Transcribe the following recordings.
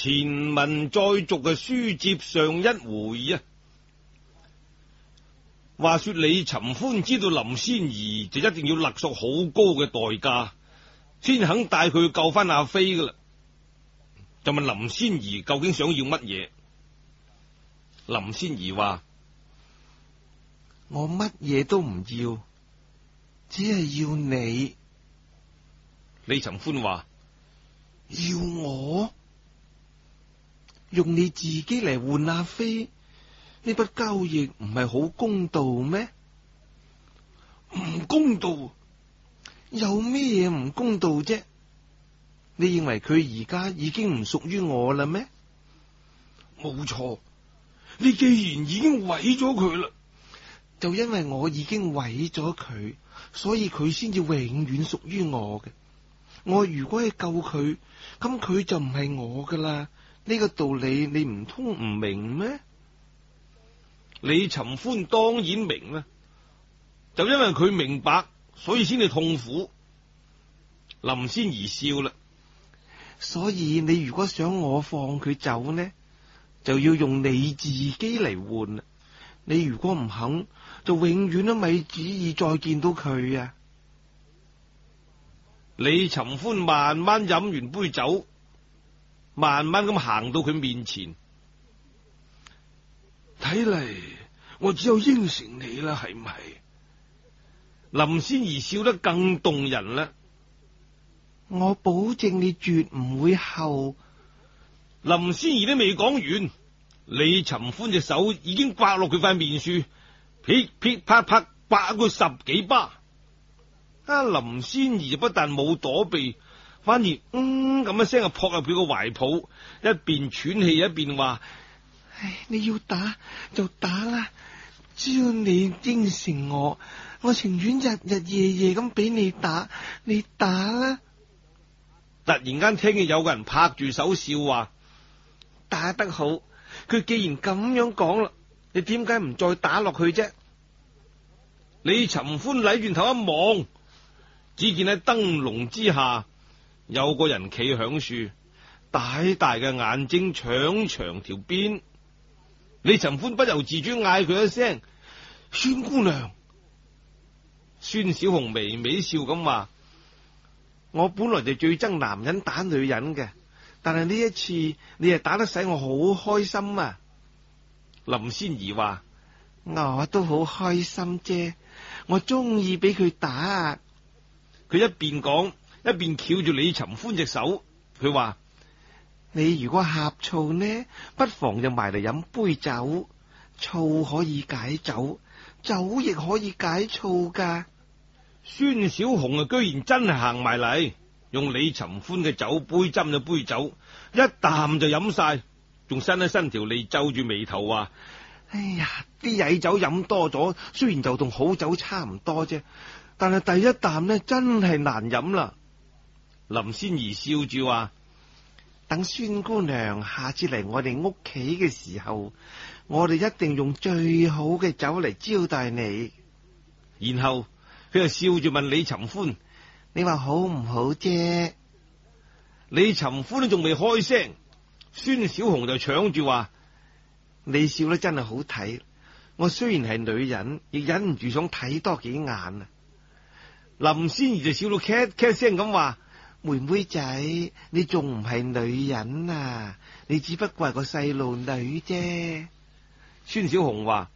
前文再續嘅書接上一回啊，話說李尋歡知道林仙兒就一定要勒索好高嘅代價，先肯帶佢去救翻阿飛噶啦，就問林仙兒究竟想要乜嘢？林仙兒話：我乜嘢都唔要，只係要你。李尋歡話：要我。用你自己嚟換阿飛，呢筆交易唔係好公道咩？唔公道，有咩嘢唔公道啫？你認為佢而家已經唔屬於我啦咩？冇錯，你既然已經毀咗佢啦，就因為我已經毀咗佢，所以佢先至永遠屬於我嘅。我如果去救佢，咁佢就唔係我噶啦。呢個道理你唔通唔明咩？李尋歡當然明啦，就因為佢明白，所以先至痛苦。林仙兒笑啦，所以你如果想我放佢走呢，就要用你自己嚟換。你如果唔肯，就永遠都咪旨意再見到佢啊！李尋歡慢慢飲完杯酒。慢慢咁行到佢面前，睇嚟，我只有應承你啦，係唔係？林仙兒笑得更動人啦，我保證你絕唔會後。林仙兒都未講完，李尋歡隻手已經刮落佢塊面珠，噼噼啪啪刮佢十幾巴。阿林仙兒不但冇躲避。反而嗯咁一聲撲入佢個懷抱，一邊喘氣一邊話：唉，你要打就打啦，只要你應承我，我情願日日夜夜咁俾你打，你打啦。突然間聽見有個人拍住手笑話：打得好！佢既然咁樣講啦，你點解唔再打落去啫？李尋歡禮轉頭一望，只見喺燈籠之下。有個人企響樹，大大嘅眼睛搶長條，長長條邊。李尋歡不由自主嗌佢一聲：孫姑娘。孫小紅微微笑咁話：我本來就最憎男人打女人嘅，但係呢一次你係打得使我好開心啊！林仙兒話：我都好開心啫，我中意俾佢打。佢一邊講。一邊翹住李尋歡隻手，佢話：你如果呷醋呢，不妨就埋嚟，飲杯酒，醋可以解酒，酒亦可以解醋噶。孫小紅啊，居然真係行埋嚟，用李尋歡嘅酒杯斟咗杯酒，一啖就飲晒，仲伸一伸條脷，皺住眉頭話、啊：哎呀，啲矮酒飲多咗，雖然就同好酒差唔多啫，但係第一啖呢，真係難飲啦。林仙兒笑住話：等孫姑娘下次嚟我哋屋企嘅時候，我哋一定用最好嘅酒嚟招待你。然後佢又笑住問李尋歡：你話好唔好啫？李尋歡都仲未開聲，孫小紅就搶住話：你笑得真係好睇，我雖然係女人，亦忍唔住想睇多幾眼啊！林仙兒就笑到咳咳聲咁話。妹妹仔，你仲唔係女人啊？你只不過係個細路女啫。孫小紅話：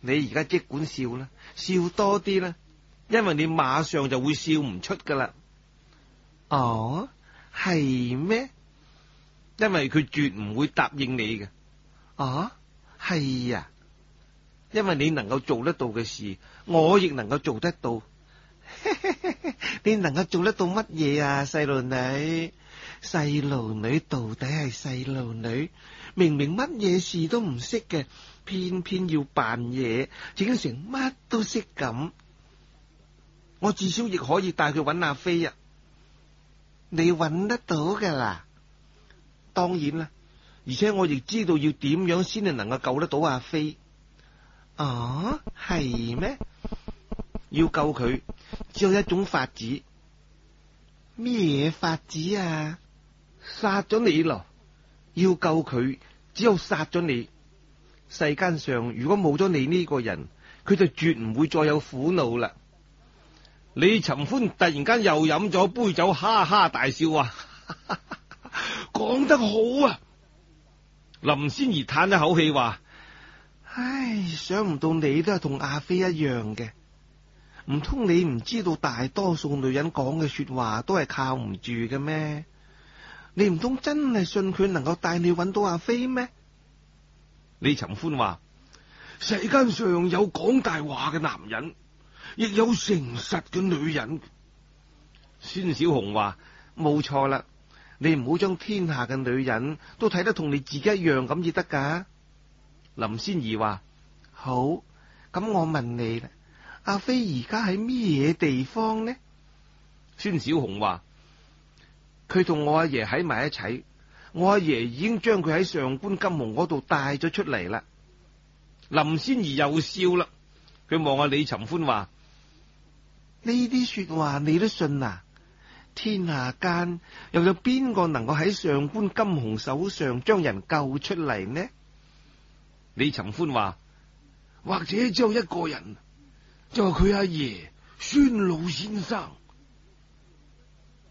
你而家即管笑啦，笑多啲啦，因為你馬上就會笑唔出噶啦。哦，係咩？因為佢絕唔會答應你嘅。哦、啊，係呀，因為你能夠做得到嘅事，我亦能夠做得到。你能夠做得到乜嘢啊，細路女？細路女到底係細路女，明明乜嘢事都唔識嘅，偏偏要扮嘢，整成乜都識咁。我至少亦可以帶佢搵阿飛啊！你搵得到噶啦，當然啦。而且我亦知道要點樣先能夠救得到阿飛啊。哦，係咩？要救佢，只有一種法子，咩法子啊？殺咗你咯，要救佢，只有殺咗你。世間上如果冇咗你呢個人，佢就絕唔會再有苦惱啦。李尋歡突然間又飲咗杯酒，哈哈大笑話、啊：講 得好啊！林仙兒嘆一口氣話：唉，想唔到你都係同阿飛一樣嘅。唔通你唔知道大多數女人講嘅說話都係靠唔住嘅咩？你唔通真係信佢能夠帶你揾到阿飛咩？李尋歡話：世間上有講大話嘅男人，亦有誠實嘅女人。嗯，孫小紅話：冇錯啦，你唔好將天下嘅女人都睇得同你自己一樣咁至得噶。林仙兒話：好，咁我問你阿飛而家喺咩嘢地方呢？孫小紅話：佢同我阿爺喺埋一齊，我阿爺已經將佢喺上官金虹嗰度帶咗出嚟啦。林仙兒又笑啦，佢望下李尋歡話：呢啲說話你都信啊？天下間又有邊個能夠喺上官金虹手上將人救出嚟呢？李尋歡話：或者只有一個人。就係佢阿爺孫老先生，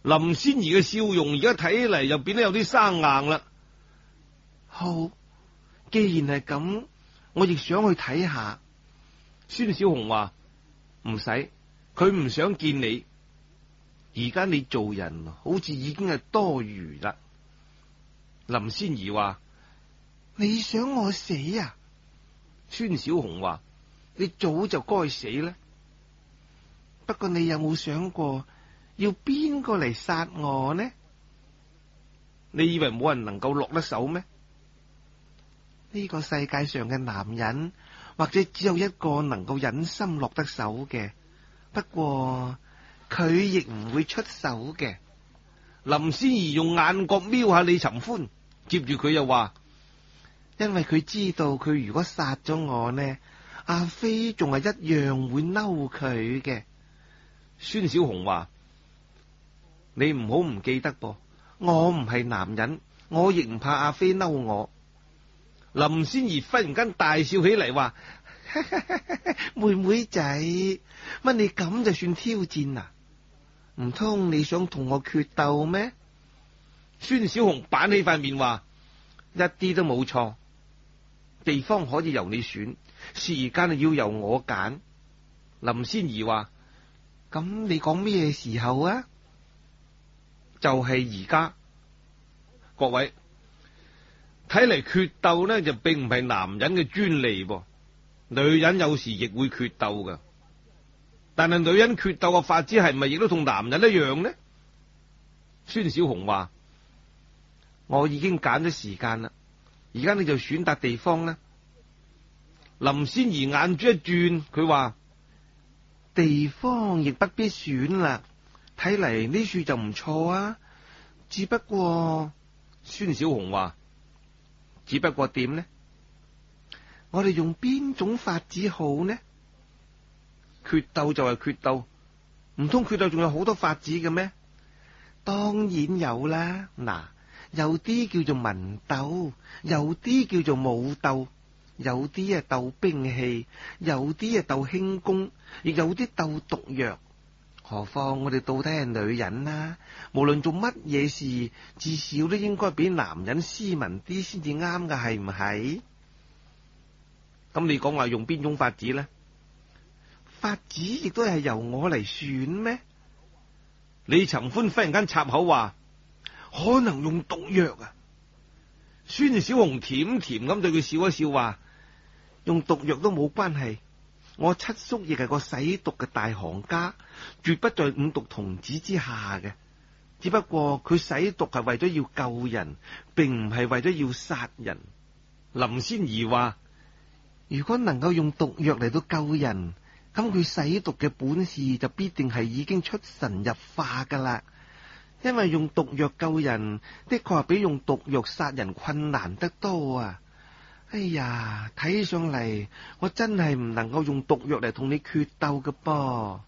林仙兒嘅笑容而家睇起嚟又變得有啲生硬啦。好，既然係咁，我亦想去睇下。孫小紅話，唔使，佢唔想見你。而家你做人好似已經係多餘啦。林仙兒話，你想我死啊？孫小紅話。你早就該死啦！不過你有冇想過要邊個嚟殺我呢？你以為冇人能夠落得手咩？呢個世界上嘅男人，或者只有一個能夠忍心落得手嘅。不過佢亦唔會出手嘅。林仙兒用眼角瞄下李尋歡，接住佢又話：因為佢知道佢如果殺咗我呢？阿飛仲係一樣會嬲佢嘅，孫小紅話：你唔好唔記得噃，我唔係男人，我亦唔怕阿飛嬲我。林仙兒忽然間大笑起嚟話： 妹妹仔，乜你咁就算挑戰啊？唔通你想同我決鬥咩？孫小紅板起塊面話： 一啲都冇錯。地方可以由你選，時間要由我揀。林仙兒話：咁你講咩時候啊？就係而家，各位，睇嚟決鬥咧就並唔係男人嘅專利噃，女人有時亦會決鬥噶。但係女人決鬥嘅法子係咪亦都同男人一樣呢？孫小紅話：我已經揀咗時間啦。而家你就選笪地方啦。林仙兒眼珠一轉，佢話：地方亦不必選啦，睇嚟呢處就唔錯啊。只不過，孫小紅話：只不過點呢？我哋用邊種法子好呢？決鬥就係決鬥，唔通決鬥仲有好多法子嘅咩？當然有啦，嗱。有啲叫做文鬥，有啲叫做武鬥，有啲係鬥兵器，有啲係鬥輕功，亦有啲鬥毒藥。何況我哋到底係女人啦，啊，無論做乜嘢事，至少都應該比男人斯文啲先至啱㗎，係唔係？咁你講話用邊種法子呢？法子亦都係由我嚟選咩？李尋歡忽然間插口話。可能用毒藥啊！孫小紅甜甜咁對佢笑一笑，話用毒藥都冇關係。我七叔亦係個使毒嘅大行家，絕不在五毒童子之下嘅。只不過佢使毒係為咗要救人，並唔係為咗要殺人。林仙兒話：如果能夠用毒藥嚟到救人，咁佢使毒嘅本事就必定係已經出神入化噶啦。因為用毒藥救人的確係比用毒藥殺人困難得多啊！哎呀，睇起上嚟，我真係唔能夠用毒藥嚟同你決鬥嘅噃。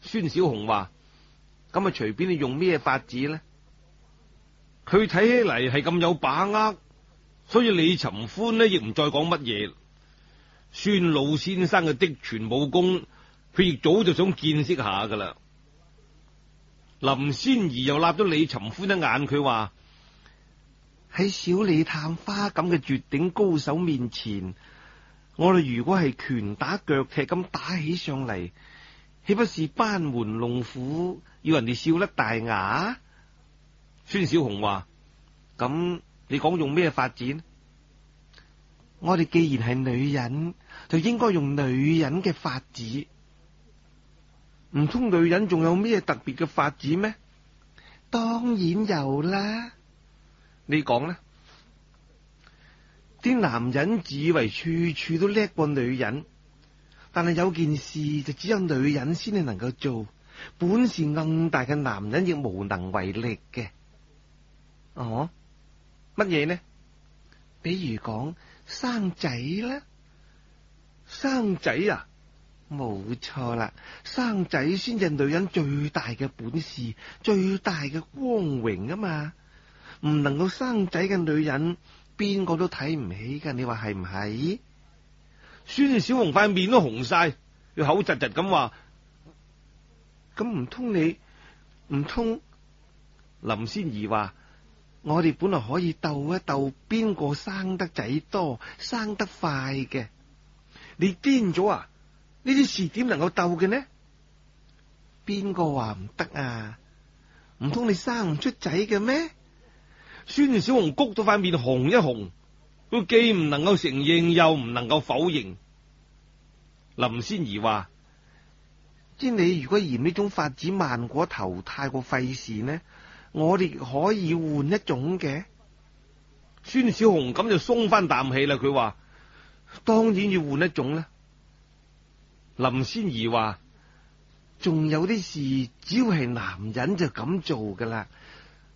孫小紅話：咁啊，隨便你用咩法子咧。佢睇起嚟係咁有把握，所以李尋歡呢亦唔再講乜嘢。孫老先生嘅嫡傳武功，佢亦早就想見識下噶啦。林仙兒又立咗李尋歡一眼，佢話：喺小李探花咁嘅絕頂高手面前，我哋如果係拳打腳踢咁打起上嚟，豈不是班門弄斧，要人哋笑甩大牙？孫小紅話：咁你講用咩法子？我哋既然係女人，就應該用女人嘅法子。唔通女人仲有咩特別嘅發展咩？當然有啦，你講啦。啲男人自以為處處都叻過女人，但係有件事就只有女人先至能夠做，本事咁大嘅男人亦無能為力嘅。哦，乜嘢呢？比如講生仔啦，生仔啊。冇錯啦，生仔先至女人最大嘅本事，最大嘅光榮啊嘛！唔能夠生仔嘅女人，邊個都睇唔起噶。你話係唔係？孫小紅塊面都紅晒，佢口窒窒咁話：咁唔通你唔通？林仙兒話：我哋本來可以鬥一鬥，邊個生得仔多，生得快嘅。你癲咗啊！呢啲事點能夠鬥嘅呢？邊個話唔得啊？唔通，你生唔出仔嘅咩？孫小紅谷咗塊面紅一紅，佢既唔能夠承認，又唔能夠否認。林仙兒話：即你如果嫌呢種發展慢過頭太過費事呢，我哋可以換一種嘅。孫小紅咁就鬆翻啖氣啦。佢話：當然要換一種啦。林仙兒話：仲有啲事，只要係男人就咁做噶啦。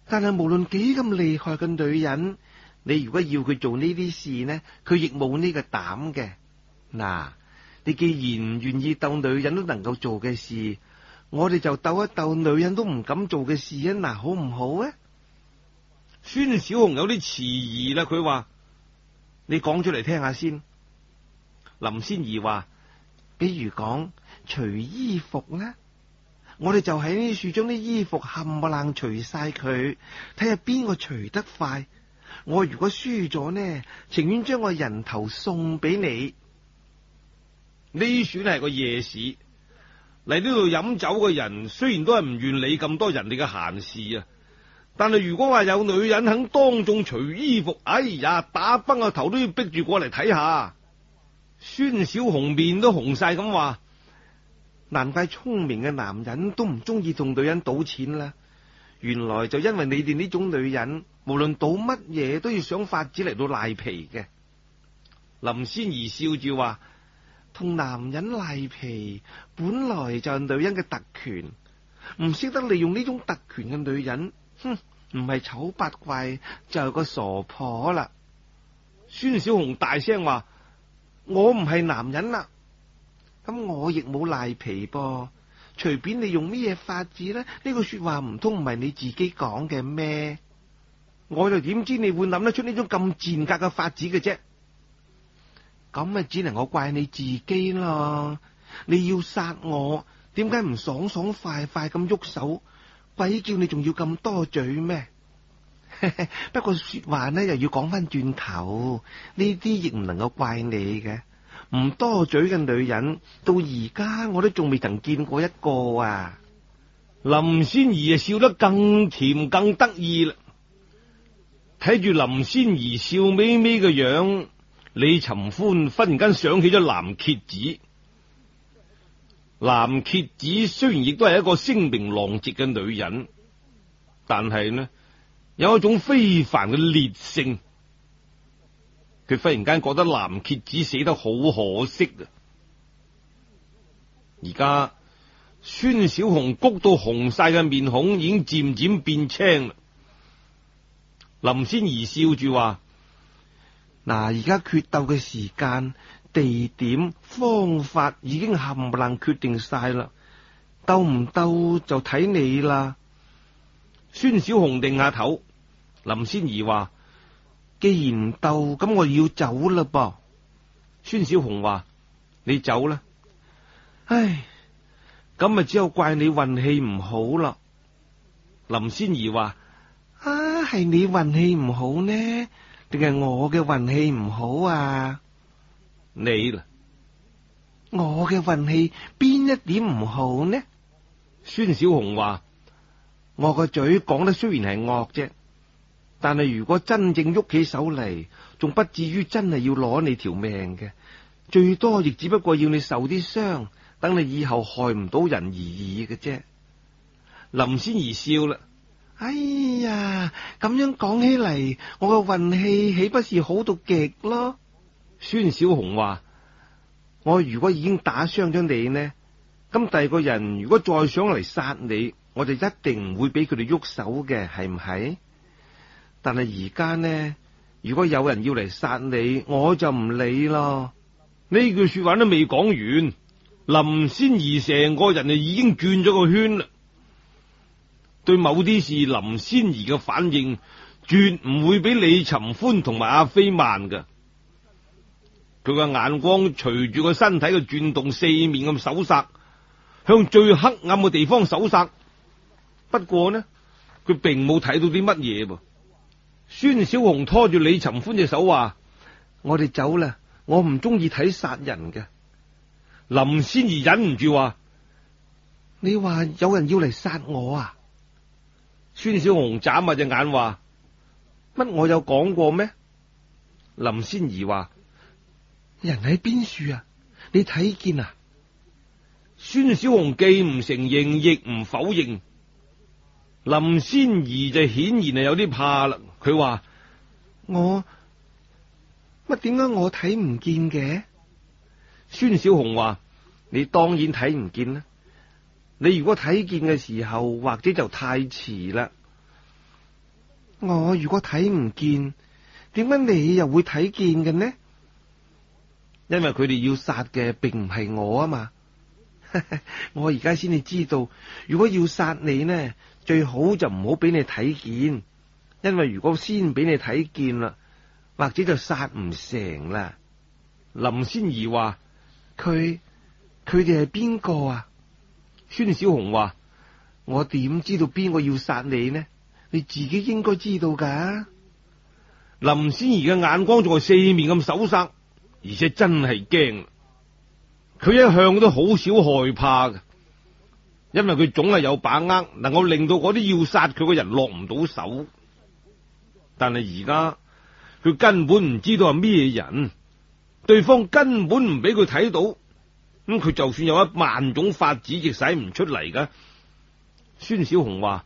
但係無論幾咁厲害嘅女人，你如果要佢做呢啲事呢，佢亦冇呢個膽嘅。嗱，你既然唔願意鬥女人都能夠做嘅事，我哋就鬥一鬥女人都唔敢做嘅事啊！嗱，好唔好啊？孫小紅有啲遲疑啦，佢話：你講出嚟聽下先。林仙兒話。比如講除衣服啦，我哋就喺呢處將啲衣服冚唪唥除晒佢，睇下邊個除得快。我如果輸咗呢，情願將我人頭送俾你。呢處咧係個夜市，嚟呢度飲酒嘅人雖然都係唔願理咁多人哋嘅閒事啊，但係如果話有女人肯當眾除衣服，哎呀，打崩個頭都要逼住過嚟睇下。孫小紅面都紅晒咁話，難怪聰明嘅男人都唔中意同女人賭錢啦。原來就因為你哋呢種女人，無論賭乜嘢都要想法子嚟到賴皮嘅。林仙兒笑住話：同男人賴皮本來就係女人嘅特權，唔識得利用呢種特權嘅女人，哼，唔係醜八怪就係個傻婆啦。孫小紅大聲話。我唔係男人啦，咁我亦冇賴皮噃，隨便你用咩嘢法子呢？呢個說話唔通唔係你自己講嘅咩？我又點知你會諗得出呢種咁賤格嘅法子嘅啫？咁咪只能我怪你自己咯。你要殺我，點解唔爽爽快快咁喐手？鬼叫你仲要咁多嘴咩？ 不過說話呢又要講翻轉頭，呢啲亦唔能夠怪你嘅。唔多嘴嘅女人到而家我都仲未曾見過一個啊！林仙兒啊笑得更甜更得意啦，睇住林仙兒笑眯眯嘅樣，李尋歡忽然間想起咗藍蠍子。藍蠍子雖然亦都係一個聲名狼藉嘅女人，但係呢？有一種非凡嘅烈性，佢忽然間覺得藍蠍子死得好可惜啊！而家孫小紅谷到紅晒嘅面孔已經漸漸變青啦。林仙兒笑住話：嗱，而家決鬥嘅時間、地點、方法已經冚唪唥決定晒啦，鬥唔鬥就睇你啦。孫小紅定下頭。林仙兒話：既然唔鬥，咁我要走啦噃。孫小紅話：你走啦。唉，咁咪只有怪你運氣唔好啦。林仙兒話：啊，係你運氣唔好呢，定係我嘅運氣唔好啊？你啦，我嘅運氣邊一點唔好呢？孫小紅話：我個嘴講得雖然係惡啫。但係如果真正喐起手嚟，仲不至於真係要攞你條命嘅，最多亦只不過要你受啲傷，等你以後害唔到人而，而已嘅啫。林仙兒笑啦，哎呀，咁樣講起嚟，我嘅運氣豈不是好到極咯？孫小紅話：我如果已經打傷咗你呢，咁第二個人如果再想嚟殺你，我就一定唔會俾佢哋喐手嘅，係唔係？但係而家呢？如果有人要嚟殺你，我就唔理咯。呢句說話都未講完，林仙兒成個人就已經轉咗個圈啦。對某啲事，林仙兒嘅反應絕唔會比李尋歡同埋阿飛慢噶。佢個眼光隨住個身體嘅轉動，四面咁搜索，向最黑暗嘅地方搜索。不過呢，佢並冇睇到啲乜嘢噃。孫小紅拖住李尋歡隻手話：我哋走啦，我唔中意睇殺人嘅。林仙兒忍唔住話：你話有人要嚟殺我啊？孫小紅眨下隻眼話：乜我有講過咩？林仙兒話：人喺邊處啊？你睇見啊？孫小紅既唔承認亦唔否認，林仙兒就顯然係有啲怕啦。佢話我乜，點解我睇唔見嘅？孫小紅話：你當然睇唔見啦。你如果睇見嘅時候，或者就太遲啦。我如果睇唔見，點解你又會睇見嘅呢？因為佢哋要殺嘅並唔係我啊嘛。我而家先至知道，如果要殺你呢，最好就唔好俾你睇見。因為如果先俾你睇見啦，或者就殺唔成啦。林仙兒話：佢佢哋係邊個啊？孫小紅話：我點知道邊個要殺你呢？你自己應該知道噶、啊。林仙兒嘅眼光仲係四面咁手刹，而且真係驚。佢一向都好少害怕嘅，因為佢總係有把握，能夠令到嗰啲要殺佢嘅人落唔到手。但係而家佢根本唔知道係咩人，對方根本唔俾佢睇到，咁佢就算有一萬種法子亦使唔出嚟噶。孫小紅話：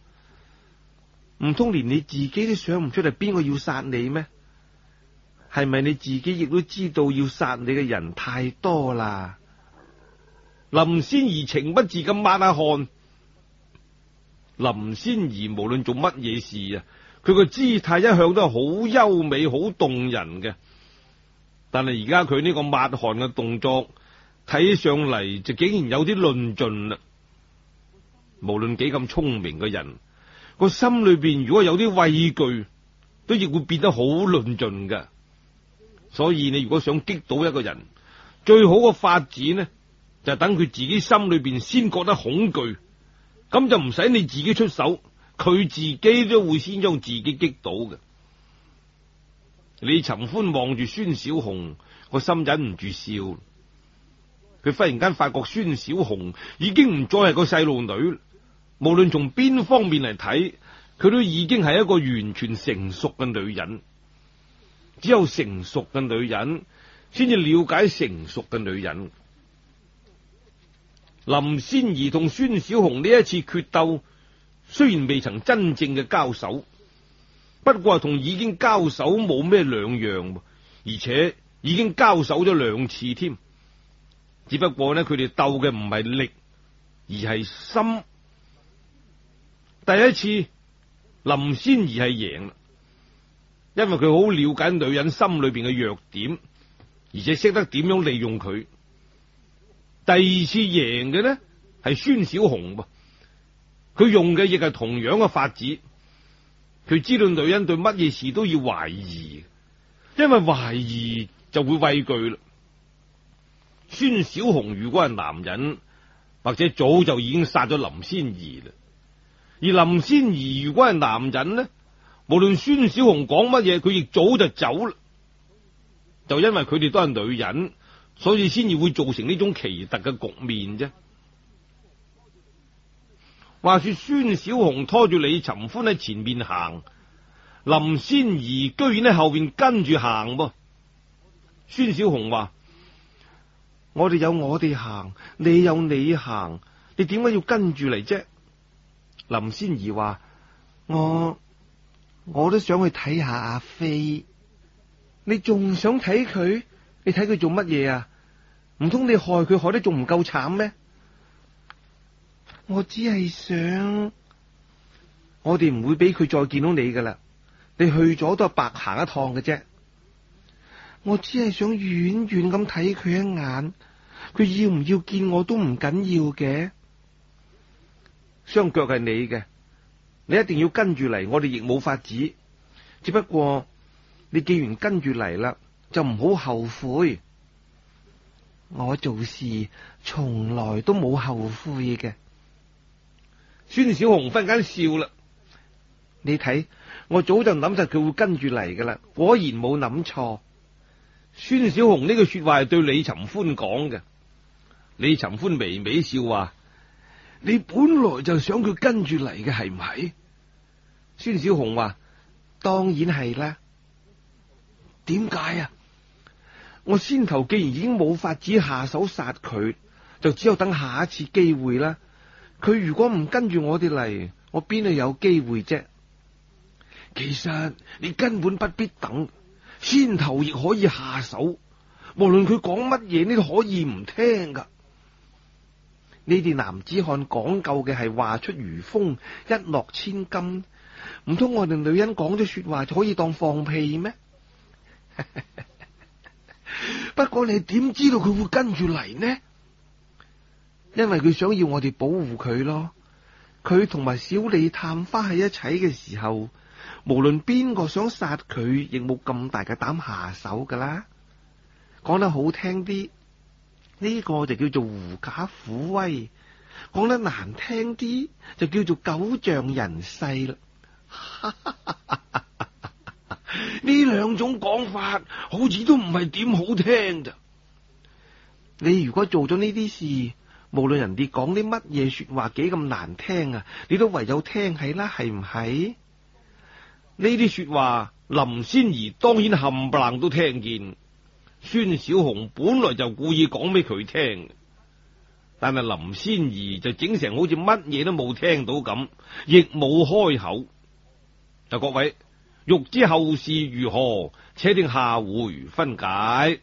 唔通連你自己都想唔出嚟邊個要殺你咩？係咪你自己亦都知道要殺你嘅人太多啦？林仙兒情不自禁抹下、啊、汗。林仙兒無論做乜嘢事啊。佢個姿態一向都係好優美、好動人嘅，但係而家佢呢個抹汗嘅動作睇上嚟就竟然有啲論盡啦。無論幾咁聰明嘅人，個心裏邊如果有啲畏懼，都亦會變得好論盡噶。所以你如果想激到一個人，最好嘅發展呢，就是、等佢自己心裏邊先覺得恐懼，咁就唔使你自己出手。佢自己都會先將自己激到嘅。李尋歡望住孫小紅，個心忍唔住笑。佢忽然間發覺孫小紅已經唔再係個細路女，無論從邊方面嚟睇，佢都已經係一個完全成熟嘅女人。只有成熟嘅女人，先至了解成熟嘅女人。林仙兒同孫小紅呢一次決鬥。雖然未曾真正嘅交手，不過同已經交手冇咩兩樣，而且已經交手咗兩次添。只不過呢，佢哋鬥嘅唔係力，而係心。第一次林仙兒係贏啦，因為佢好了解女人心裏邊嘅弱點，而且識得點樣利用佢。第二次贏嘅呢，係孫小紅噃。佢用嘅亦係同樣嘅法子，佢知道女人對乜嘢事都要懷疑，因為懷疑就會畏懼啦。孫小紅如果係男人，或者早就已經殺咗林仙兒啦。而林仙兒如果係男人呢，無論孫小紅講乜嘢，佢亦早就走啦。就因為佢哋都係女人，所以先至會造成呢種奇特嘅局面啫。話說孫小紅拖住李尋歡喺前面行，林仙兒居然喺後邊跟住行噃。孫小紅話：我哋有我哋行，你有你行，你點解要跟住嚟啫？林仙兒話：我我都想去睇下阿飛，你仲想睇佢？你睇佢做乜嘢啊？唔通你害佢害得仲唔夠慘咩？我只係想，我哋唔會俾佢再見到你㗎喇。你去咗都係白行一趟㗎啫。我只係想遠遠咁睇佢一眼，佢要唔要見我都唔緊要嘅。雙腳係你嘅，你一定要跟住嚟，我哋亦冇法子。只不過你既然跟住嚟喇，就唔好後悔。我做事從來都冇後悔嘅。孫小紅忽然間笑啦，你睇，我早就諗實佢會跟住嚟噶啦，果然冇諗錯。孫小紅呢句說話係對李尋歡講嘅。李尋歡微微笑話，你本來就想佢跟住嚟嘅係唔係？孫小紅話，當然係啦，啊。點解啊？我先頭既然已經冇法子下手殺佢，就只有等下一次機會啦。佢如果唔跟住我哋嚟，我邊度有機會啫？其實你根本不必等，先頭亦可以下手。無論佢講乜嘢，你都可以唔聽噶。你哋男子漢講究嘅係話出如風，一諾千金。唔通我哋女人講咗說話就可以當放屁咩？ 不過你點知道佢會跟住嚟呢？因為佢想要我哋保護佢咯，佢同埋小李探花喺一齊嘅時候，無論邊個想殺佢，亦冇咁大嘅膽下手噶啦。講得好聽啲，呢個就叫做狐假虎威；講得難聽啲，就叫做狗仗人勢啦。呢 兩種講法，好似都唔係點好聽咋。你如果做咗呢啲事，無論人哋講啲乜嘢說話幾咁難聽啊，你都唯有聽起啦，係唔係？呢啲說話，林仙兒當然冚唪唥都聽見。孫小紅本來就故意講俾佢聽，但係林仙兒就整成好似乜嘢都冇聽到咁，亦冇開口。嗱，各位欲知後事如何，且聽下回分解。